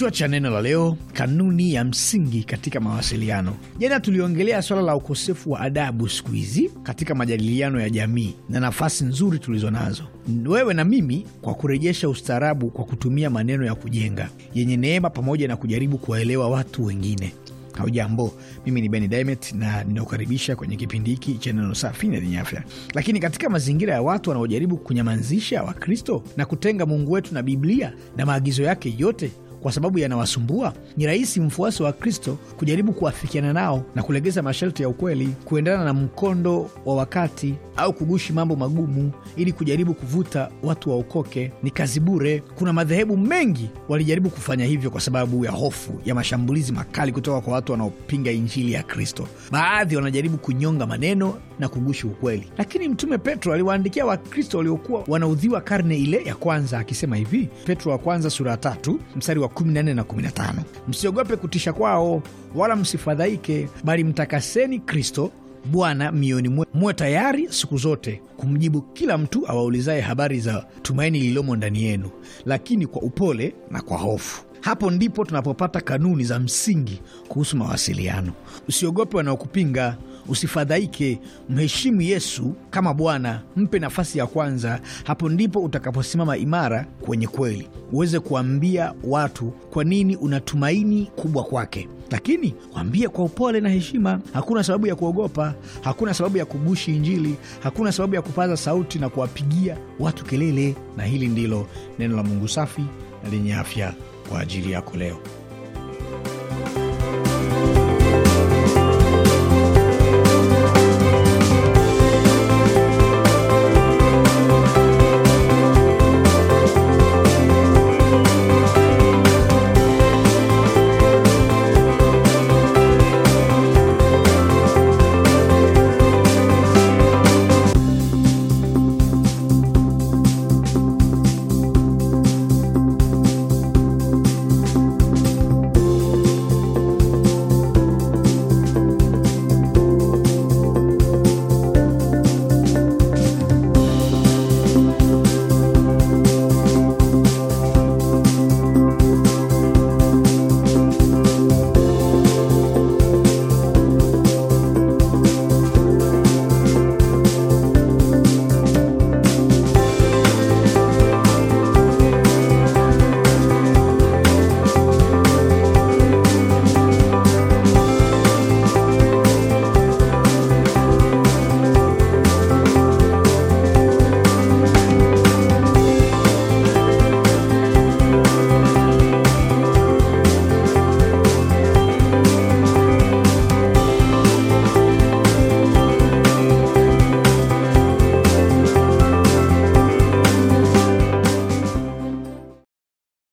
Kichwa cha neno la leo: kanuni ya msingi katika mawasiliano. Jana tuliongelea swala la ukosefu wa adabu siku hizi katika majadiliano ya jamii na nafasi nzuri tulizo nazo wewe na mimi kwa kurejesha ustaarabu kwa kutumia maneno ya kujenga yenye neema, pamoja na kujaribu kuwaelewa watu wengine. haujambo mimi ni Ben Dimet na ninakukaribisha kwenye kipindi hiki cha neno safi na lenye afya. Lakini katika mazingira ya watu wanaojaribu kunyamazisha Wakristo na kutenga Mungu wetu na Biblia na maagizo yake yote, kwa sababu yanawasumbua? Ni rahisi mfuasi wa Kristo kujaribu kuafikiana nao na kulegeza masharti ya ukweli, kuendana na mkondo wa wakati, au kugushi mambo magumu ili kujaribu kuvuta watu waokoke. Ni kazi bure. Kuna madhehebu mengi walijaribu kufanya hivyo kwa sababu ya hofu ya mashambulizi makali kutoka kwa watu wanaopinga injili ya Kristo. Baadhi wanajaribu kunyonga maneno na kugushi ukweli, lakini Mtume Petro aliwaandikia Wakristo waliokuwa wanaudhiwa karne ile ya kwanza akisema hivi, Petro wa kwanza sura tatu mstari wa 14 na 15, msiogope kutisha kwao, wala msifadhaike, bali mtakaseni Kristo Bwana mioyoni mwe, tayari siku zote kumjibu kila mtu awaulizaye habari za tumaini lililomo ndani yenu, lakini kwa upole na kwa hofu. Hapo ndipo tunapopata kanuni za msingi kuhusu mawasiliano. Usiogope wanaokupinga, Usifadhaike, mheshimu Yesu kama Bwana, mpe nafasi ya kwanza. Hapo ndipo utakaposimama imara kwenye kweli, uweze kuambia watu kwa nini unatumaini kubwa kwake. Lakini wambie kwa upole na heshima. Hakuna sababu ya kuogopa, hakuna sababu ya kugushi Injili, hakuna sababu ya kupaza sauti na kuwapigia watu kelele. Na hili ndilo neno la Mungu safi na lenye afya kwa ajili yako leo.